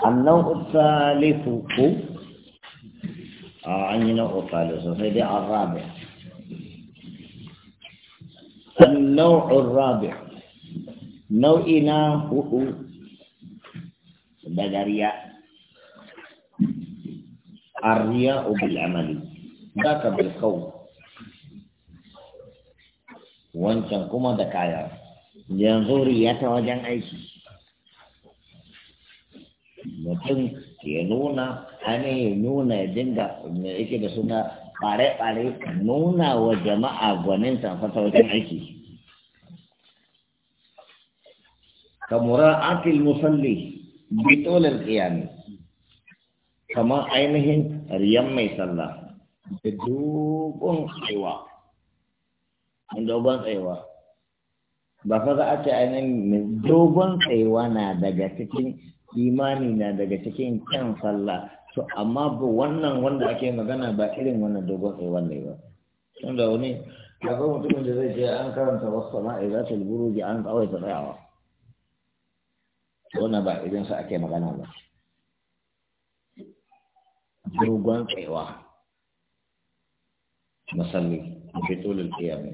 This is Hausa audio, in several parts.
النوع الثالث هو عن آه، نوع ثالث هذا الرابع النوع الرابع نوعنا هو بدل رياء الرياء بالعمل ذاك بالقول وانت كما ذكايا ينظر يتوجن أي شيء mutum ya nuna hannun ya nuna ya dinga yake da suna ɓare-ɓare nuna wa jama'a gwanin tamfata wajen aiki kamura akil musalli bitolar ƙiyami kamar ainihin riyan mai sallah da dogon tsaiwa dogon tsaiwa ba fa za a ce ainihin dogon tsaiwa na daga cikin imani na daga cikin kyan sallah to amma ba wannan wanda ake magana ba irin wannan dogon sai wannan ba tunda wani akwai mutumin da zai je an karanta wasu sana'a, za ta ji an kawai ta tsayawa wannan ba irin sa ake magana ba dogon tsayawa masalli fi tulul qiyam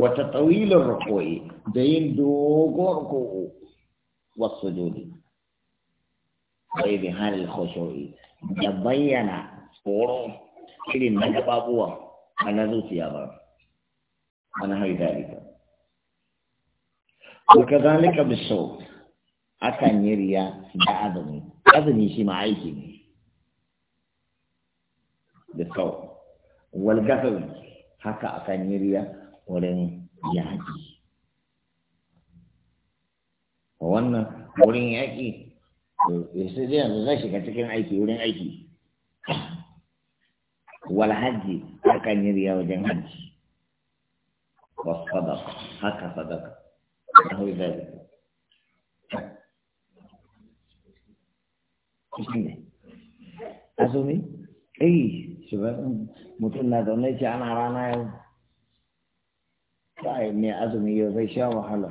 Wata tsawilin ruku'i da yin dogon ruku'u wasu jodi wai bi halil khushu'i da bayyana tsoro irin na gababuwa a na zuciya ba wani hari dalika ko zalika bisau akan yi riya da azumi azumi shi ma aiki ne bisau wal gasar haka akan yi riya wurin yaji wannan wurin yaƙi sai dai yanzu zai shiga cikin aiki wurin aiki wal hajji akan yi riya wajen hajji wa sadaka haka sadaka na hau zai ne azumi eh shi ba mutum na zaune ce ana rana yau sai mai azumi yau zai sha wahala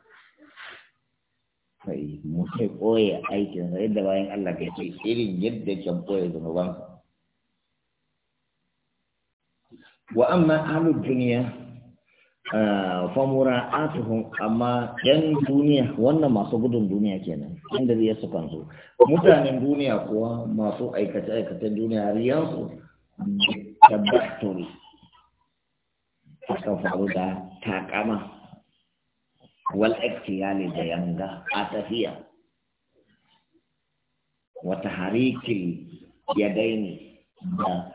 kai mutum boye aikin sa yadda bayan Allah ke ce irin yadda kan koye zunuban wa amma ahlud duniya ah, fa mura'atuhum amma yan duniya wannan masu gudun duniya kenan inda zai su kanzo mutanen duniya kuwa masu aikace aikacen duniya riyan su tabbaturi akan faru da takama wal iktiyali da yanga a tafiya wata hariki ya daini da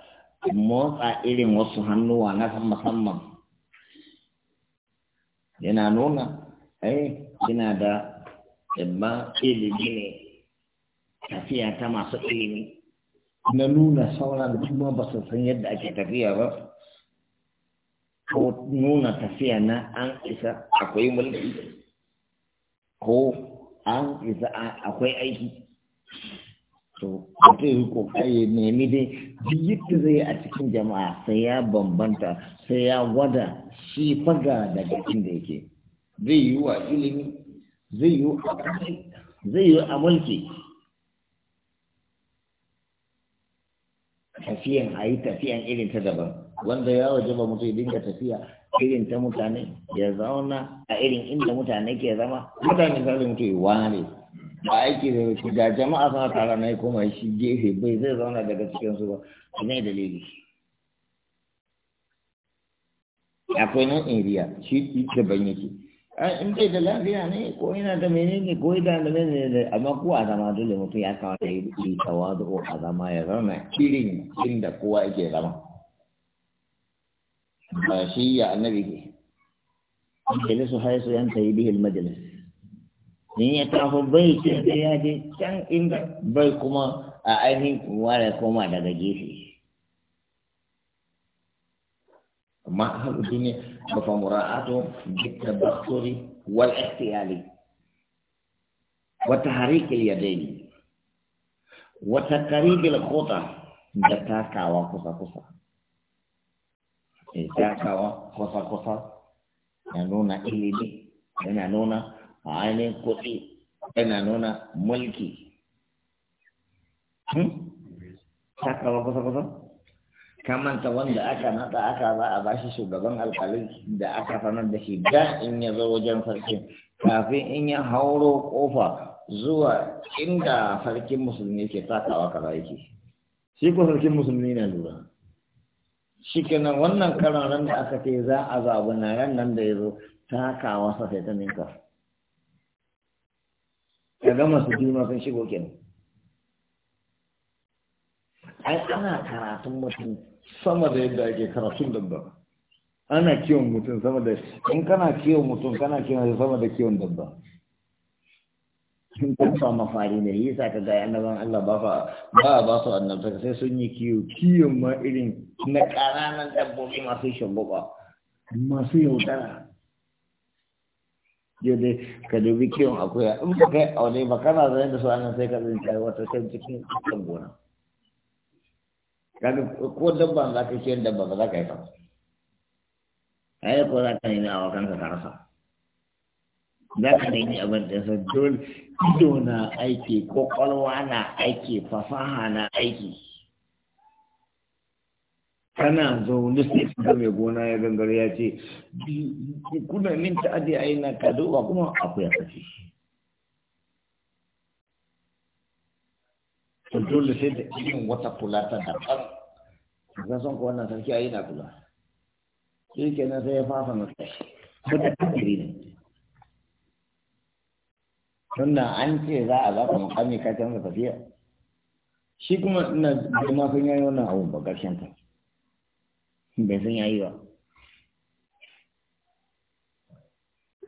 motsa irin wasu hannuwa na musamman yana nuna ai eh, yana da ɗabba ilimi ne tafiya ta masu ilimi na nuna sauran kuma ba su san yadda ake tafiya ba ko nuna tafiya na an isa akwai mulki ko an isa akwai aiki to mutum yi kokari nemi dai duk zai a cikin jama'a sai ya bambanta sai ya gwada shi faga daga inda yake zai yi wa ilimi zai yi zai yi a mulki tafiyan a yi tafiyan irin ta daban wanda ya waje ba mutu dinga tafiya irin ta mutane ya zauna a irin inda mutane ke zama mutane zai mutu ya ba aiki da yake ga jama'a suna tara na koma shi gefe bai zai zauna daga cikin su ba ne dalili akwai nan area shi daban yake in bai da lafiya ne ko yana da menene ko yana da menene amma ko a zama dole mutum ya kawo ta yi tsawa da ko a zama ya zama irin inda kowa yake zama ماشي عن نبيه مجلس حيث ينتهي به المجلس من يتعف البيت احتياجي كان إن بيكما أعيني ولكما دقيسي ما أهل الدنيا فمراعاته بالتبخر والاحتيالي وتحريك اليدين وتقريب الخطة دتاكا وقصة قصة ya jakawa kwasa-kwasa ya nuna ilimi yana nuna a ainihin kuɗi yana nuna mulki sakawa hmm? kwasa-kwasa kamanta wanda aka nada aka za a bashi shugaban alkalin da aka sanar da shi da in ya zo wajen sarkin kafin in ya hauro kofa zuwa inda sarkin musulmi ke takawa kaza yake shi ko sarkin musulmi na lura kenan wannan karan ran da aka ce za a zaɓi na ran nan da ya zo takawa wasa sai ta ninka ka gama su juna sun shigo kenan ai ana karatun mutum sama da yadda ake karatun dabba ana kiwon mutum sama da in kana kiwon mutum kana kiwon sama da kiwon dabba sun kuma mafari ne yi sa ka ga annaban Allah ba fa ba ba su annabta sai sun yi kiyo kiyon ma irin na ƙananan dabbobi masu shagwaba masu yaudara yau dai ka dubi kiyon akuya in ba kai aure ba kana zai da su annan sai ka tsinci wata kan cikin kan gona kaga ko dabba za ka ciyar dabba ba za ka yi ba, ai ko za ka nemi a wakanka ka rasa za ka yi abin da sa dole ido na aiki kwakwalwa na aiki fasaha na aiki kana zaune sai ka mai gona ya gangar ya ce kuna min ta'adi a na kado ba kuma akwai ya kace to dole sai da irin wata kula ta daban ka san ko wannan sarki yi na kula shi kenan sai ya fasa masa ba da kadiri ne tunda an ce za a baka mukami ka canza tafiya shi kuma ina girma sun yayi wannan abu ba ƙarshen ta bai sun yayi ba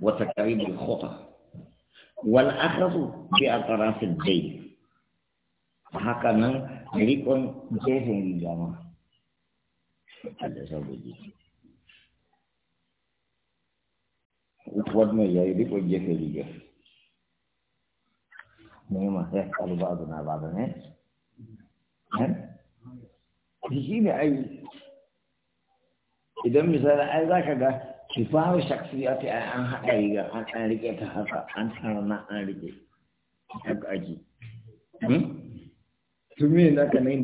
wata karibin khota wal akhasu bi atraf ad-dayn haka nan rikon jefin riga ma Allah saboda Wani ya yi rikon jefin riga. nema ya eh, kalu ba na ba da ne eh? shi ne ai idan misali ai za ka ga kifahu shaksiyati an haɗa riga an rike ta haka an tarana an rike haka aji hmm? tun me za ka nai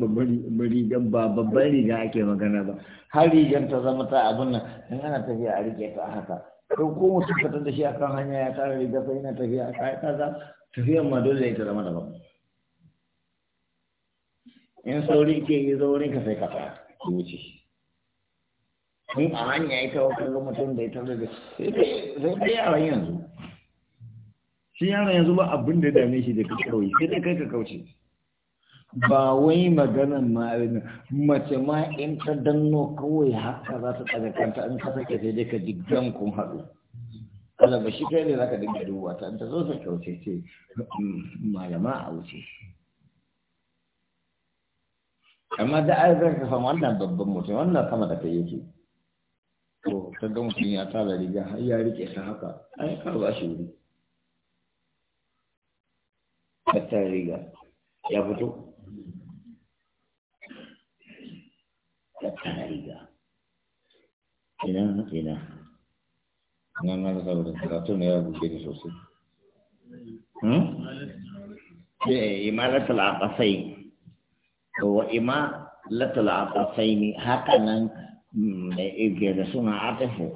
riga ba babban riga ake magana ba har rigar ta zama ta abin nan in ana tafiya a rike ta haka ko ko mutum ka da shi akan hanya ya tara riga sai yana tafiya a kai tafiyan ma dole ita zama daban in sauri ke yi zaurin ka sai ka fara wuce in a hanya ita wa kallon mutum da ita da sai dai yaran yanzu shi yaran yanzu ba abin da dame shi da ka kawai sai dai kai ka kauce ba wai maganan ma mace ma in ta danno kawai haka za ta tsaga kanta in ka sake sai dai ka jigan kun haɗu Allah ba shi kai ne zaka dinga dubuwa ta ta zo ta kyauce ce mm, malama a wuce amma da ai zaka san wannan babban mutum wannan sama da kai yake to ka ga mutum ya tara riga har ya rike ta haka ai ka ba shi wuri ka tara riga ya fito ka tara riga ina ina nan na saboda karatun ya buge ne hmm? eh, haka nan hmm, da ige suna atafu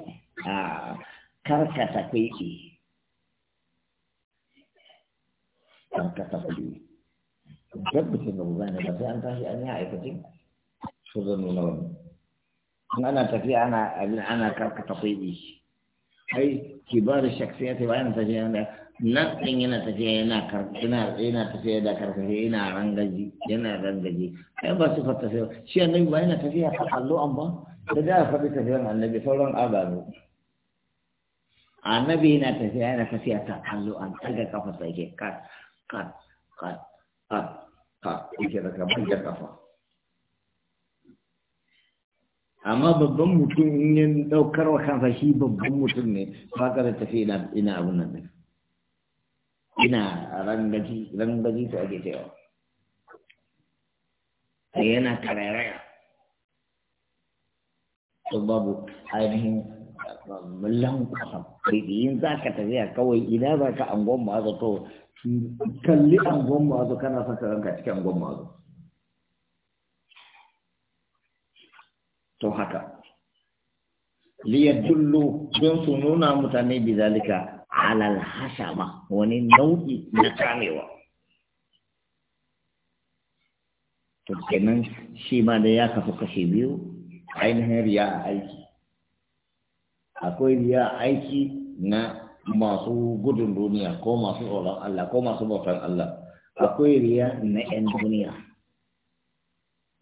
a ah, karkata kwaiki karkata kwaiki karkata kwaiki kai kibar shaksiya ta bayan tafiya da nan din yana tafiya yana karkina yana tafiya da karkashi yana rangaji yana rangaji ai ba su fata sai shi annabi ba yana tafiya ka allo an ba da da faɗi tafiyan annabi sauran ababe annabi yana tafiya yana tafiya ta allo an daga kafa sai ke kat kat kat kat kat kafa amma babban mutum in yi daukar wa kansa shi babban mutum ne ba ka da tafi ina abun nan din ina rangaji rangaji ta ake cewa a yana karairaya to babu ainihin mullan kwasam yin za ka tafiya kawai ina za ka angon ma'azo to kalli angon zo kana saka ranka cikin angon zo to haka liyatullu don su nuna mutane bizalika alal hashama wani nau'i na kamewa to kenan shi ma da ya kafa kashe biyu ainihin riya a aiki akwai riya aiki na masu gudun duniya ko masu tsoron Allah ko masu bautan Allah akwai riya na 'yan duniya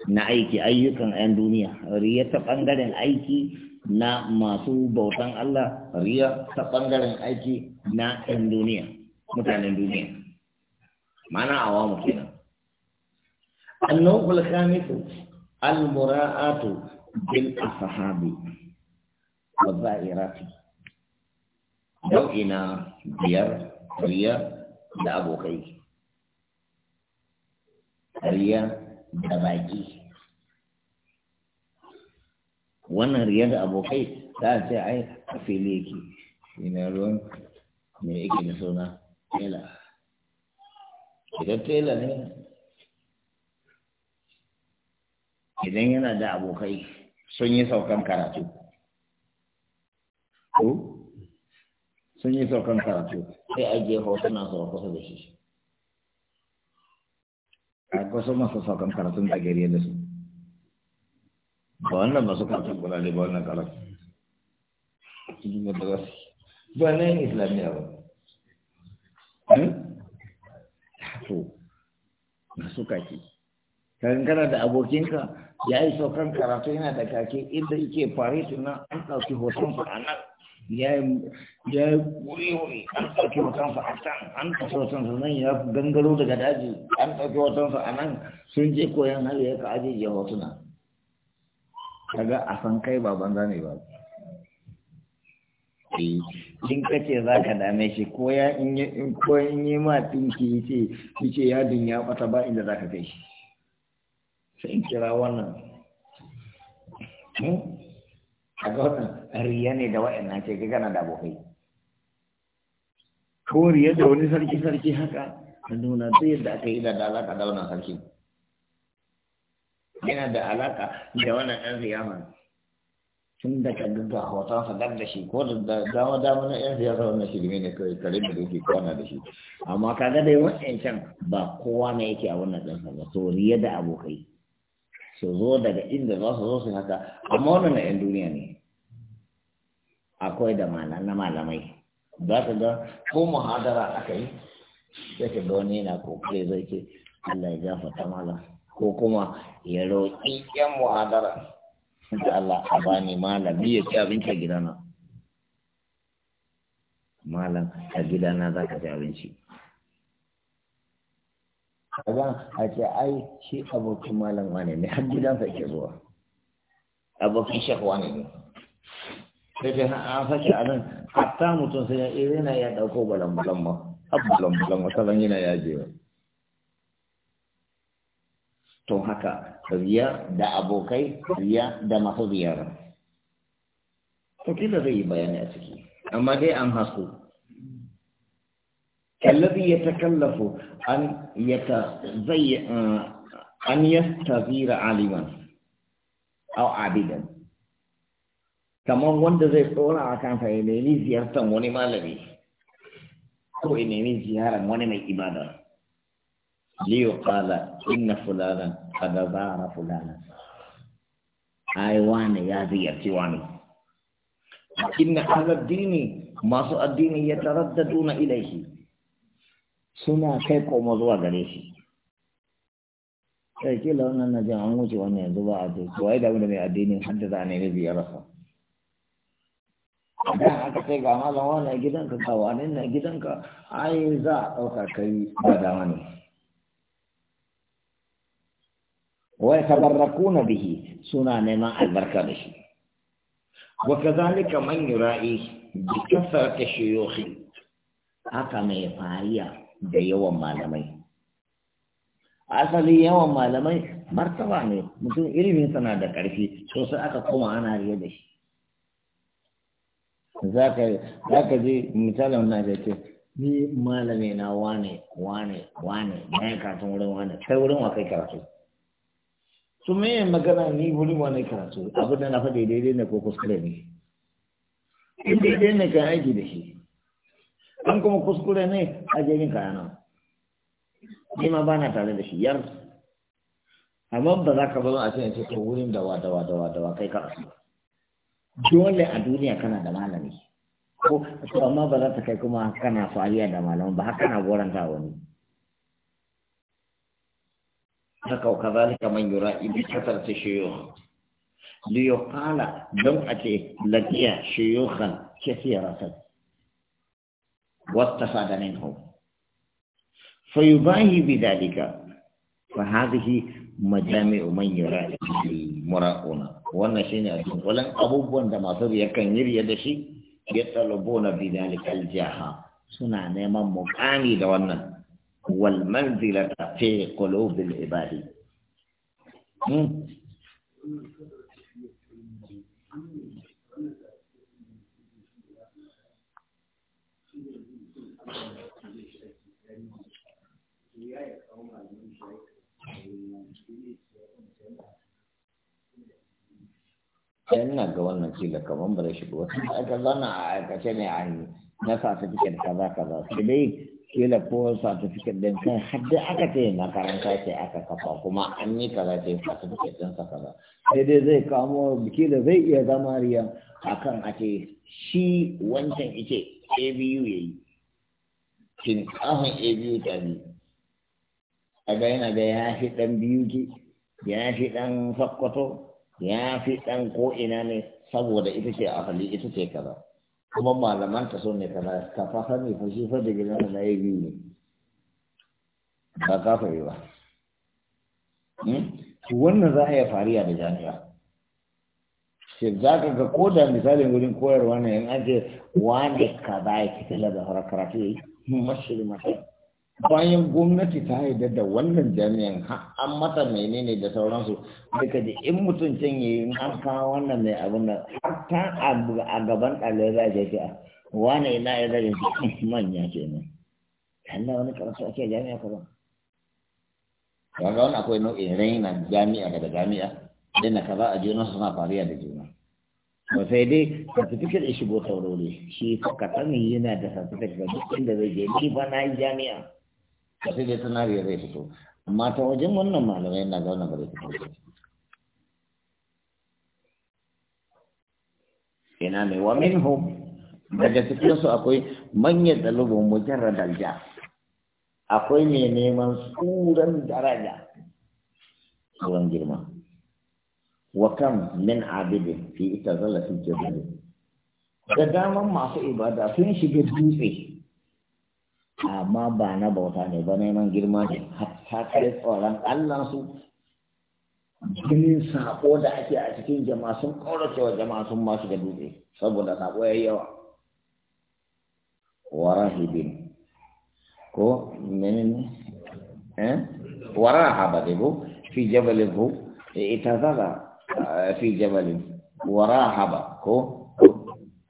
na aiki ayyukan 'yan duniya riya ta ɓangaren aiki na masu bautan Allah riya ta ɓangaren aiki na 'yan duniya mutanen duniya mana mu kina. annabul khamisu al-mura'atu bil ashabi wa za'irati nau'ina biyar riya da abokai riya da baki wannan riyar da abokai ta ce ai a fili yake ina ruwan me yake da suna tela idan tela ne idan yana da abokai sun yi saukan karatu sun yi saukan karatu sai a je hotunan su kusa da shi a kwaso masu saukan karatun da gari da su ba wannan ba su karatun kula ne ba wannan karatun ba na yin islamiyya ba hmm? to masu kaki kan kana da abokinka ya yi saukan karatu yana da kake inda yake fare tunan an ɗauki hoton su a nan ya yi wuri wuri an ɗauki watansa a can an ɗauki watansa nan ya gangaro daga daji an ɗauki watansa a nan sun je koyan hali ya ka ajiye hotuna daga a san kai ba banza ne ba eh, in ka ce za ka dame shi ko ya yi ma tinki yadin ya bata ba inda za ka kai shi sai kira wannan hmm? a ga wannan riya ne da wa'annan ce kai kana da abokai ko riya da wani sarki sarki haka a nuna ta yadda aka yi da alaka da wannan sarki yana da alaka da wannan ɗan siyasa tun da ka ga hoton sa da shi ko da dama dama na yan siyasa wannan shirme ne kai kare da yake kwana da shi amma kaga dai can ba kowa ne yake a wannan ɗan sa ba riya da abokai su zo daga inda za su zo su haka amma wannan na 'yan duniya ne akwai da na malamai za ka ga ko muhadara aka yi sai ka ga wani yana kokare zai ce Allah ya gafarta malam ko kuma ya roƙi 'yan muhadara da Allah a bani malami ya ci abinci a gidana malam a gidana za ka ci abinci kaga a ce ai shi abokin malam wane ne har sa ke zuwa abokin shek wane ne sai dai an sake a nan hatta mutum sai ya eh, yana ya dauko balambalan ma abbalambalan ma salon yana ya je to haka riya da abokai riya da masu ziyara to kila zai yi bayani a ciki amma dai an hasu. كالذي يتكلف أن يتزي آه، أن يستغير عالما أو عابدا كما وند زي طولا كان في ليلي زيارة موني مالبي أو إنني زيارة موني ما إبادة ليقال إن فلانا قد زار فلانا أيوان يا زيارتي واني إن هذا الدين ما سوى الدين يترددون إليه suna kai komo zuwa gare shi sai kila wannan na jin an wuce wannan yanzu ba a to wai da mai addinin hadda za a nemi biyar sa idan aka sai ga malam wannan gidanka ka ne na gidanka ai za a ɗauka kai ba da ne wai tabarrakuna bihi suna neman albarka da shi wa kazalika man yura'i bi kasrati shuyukhi haka mai fariya da yawan malamai asali yawan malamai martaba ne mutum ilimin sana da ƙarfi sosai aka koma ana riya da shi za ka je misalin na da ce ni malami na wane wane wane na yi karatun wurin wane kai wurin wa kai karatu su me magana ni wurin wane karatu abin da na faɗi daidai ne ko kuskure ne in daidai ne kan aiki da shi an kuma kuskure ne a jirgin kayana ni ma ba na tare da shi yar amma ba za ka bazo a cikin ce to wurin dawa dawa dawa dawa kai ka asu dole a duniya kana da malami ko to amma ba za ta kai kuma kana fariya da malamin ba haka na goranta wani haka kazalika man yura ibi kasar ta shiyo. shiyuwa liyukala don ake ce lafiya shiyukan kasiyar rasar واستفاد منه فيباهي بذلك فهذه مجامع من يرى المراؤنا وانا شيني أدون ولن أبوبوا عندما صدي يكن يري يدشي يطلبون بذلك الجاهة سنع نيما مقاني دوانا والمنزلة في قلوب العباد sai ina ga wannan kila kamar ba zai shiga wasu aka zana a aikace ne a yi na satifiket kaza kaza sai dai kila ko satifiket din kan hadda aka ce makaranta ce aka kafa kuma an yi kaza ce satifiket din sa kaza sai dai zai kamo kila zai iya zama riya kan a ce shi wancan ice abu ya yi shinkafin abu ta biyu a ga yana da ya fi dan biyu ki ya fi dan sakkwato ya fi ɗan ko ina ne saboda ita ce hali ita ce kaza kuma malaman ta so ne kaza ka fa ne, fa shi fa da gidan na yi biyu ne ba ka fari ba hmm? wannan za a iya fariya da jami'a sai za ka ga ko da misalin wurin koyarwa ne in an ce wani kaza ya da karatu ya yi mashirin mashirin bayan gwamnati ta haida da wannan jami'an an mata menene da sauransu daga da in mutum can ya yi in an kawo wannan mai abin da. har ta a gaban ɗalibai za a je ta ah, wani ina ya zai shi manya ke nan Allah wani karatu ake jami'a ka ba ga wani akwai nau'in raina jami'a daga jami'a dai na kaza a juna suna fariya da juna ba sai dai certificate ya shigo saurori shi ka sani yana da certificate duk inda zai je ni ba na yi jami'a ka sai dai tana zai fito amma ta wajen wannan malamai na zaune ba zai fito ina ne wa hu? daga cikin akwai manyan dalibin mujarra dalja akwai mai neman tsuran daraja tsuran girma wa kam min abidi fi ita zalla fi da daman masu ibada sun shiga dutse amma ba na bauta ne ba neman girma ne ta kai tsoron Allah su jini sako da ake a cikin jama'a sun ƙaurace wa jama'a sun masu da dutse saboda sako ya yawa wara warahibin ko menene eh wara haba dai ko fi jabalin ko eh, ita zaga eh, fi jabalin haba ko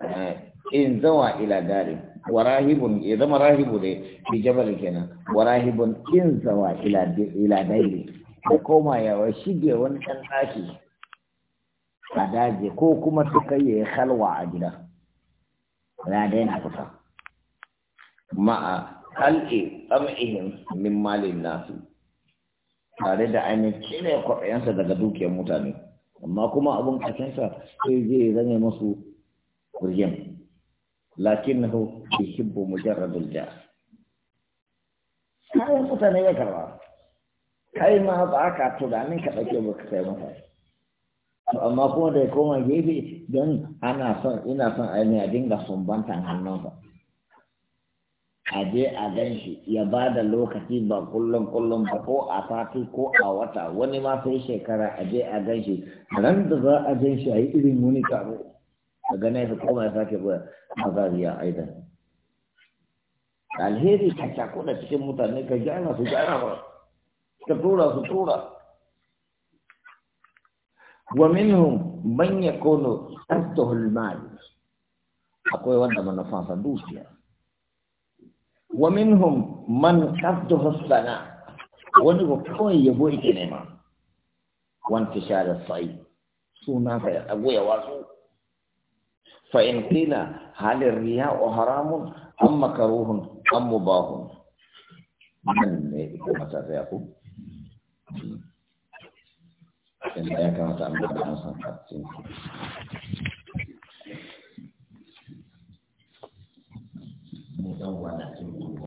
eh, in zawa ila darin Warahibun ya zama rahibu ne bi jabal kenan warahibun rahibun in zawa ila ila daili ko koma ya shige wani dan daki a daji ko kuma su kai ya halwa a gida ya daina kusa ma'a hal'i am'ihim min malin nasu tare da ainihin cire kwaɗayensa daga dukiyar mutane amma kuma abin kacinsa sai zai zame musu kurgin lakinnahu yuhibbu mujarradul jar kayan ne ya karba kai ma ba ka tunanin ka ɗauke amma kuma da ya koma gefe don ana son ina son aini a dinga sumbantan hannunsa a je a gan shi ya ba da lokaci ba kullum kullum ba ko a sati ko a wata wani ma sai shekara a je a gan shi ran da za a gan shi a yi irin wani taro daga nesa kuma ya sake goya mazariya aidan alheri ka cakuɗa cikin mutane ka gyara su gyara ba ka tura su tura wa minhum man yakunu tahtahu al-mal akwai wanda manufansa dukiya wa minhum man tahtahu as-sana wani ko kawai yabo yake nema wanti shara sai suna ka ya dago ya wasu فإن قيل هل الرياء حرام أم مكروه أم مباح من ما تعرفه إن لا يكما تعمل مدونه